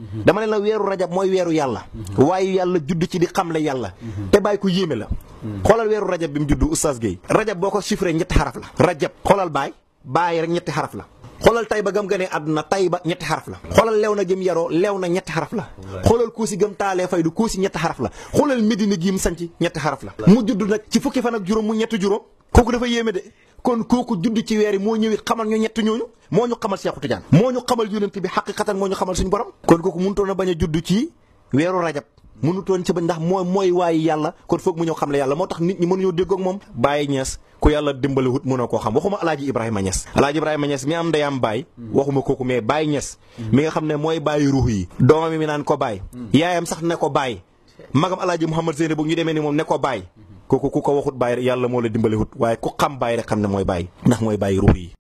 Mhm. dama ne la weeru rajab mooy weeru yàlla mhm. waaye yàlla judd ci di la yàlla mhm. te bàyyi ku yéeme la xoolal weeru rajab bi mu judd oustaz Guèye rajab boo ko chiffré ñetti xaraf la rajab xoolal baay baay rek ñetti xaraf la xoolal tay ba gam gane àdduna tay ba ñetti xaraf la xoolal lew na gëm yaroo lew na ñetti xaraf la xoolal kuusi gëm taalee fay du kuusi ñetti xaraf la xoolal medina gi mu sanc ñetti xaraf la mu judd nag ci fukki fan ak juróom mu ñetti juróom kooku dafa yéeme de kon kooku judd ci weer yi moo ñëwit xamal ñu ñett ñooñu moo ñu xamal Seexu Tijaan moo ñu xamal yonent bi xaqiqatan moo ñu xamal suñu borom kon kooku mënutoon a bañ a judd ci weeru rajab mënutoon ci ba ndax mooy mooy waayi yàlla kon foog mu ñëw xam le yàlla moo tax nit ñi mënuñoo déggoo ak moom bàyyi Niass ku yàlla dimbali wut mënoo ko xam waxuma alaaji Ibrahima Niass alaaji Ibrahima Niass mi am ndeyam Baye waxuma kooku mais bàyyi Niass mi nga xam ne mooy bàyyi ruux yi doomam mi naan ko Baye yaayam sax ne ko Baye magam alaaji Mouhamad Zeynab bu ñu demee ni moom ne ko Baye kooku ku ko waxut bàyyi yàlla moo la dimbali wut waaye ku xam bàyyi rek xam ne mooy bàyyi ndax mooy bàyyi ruux yi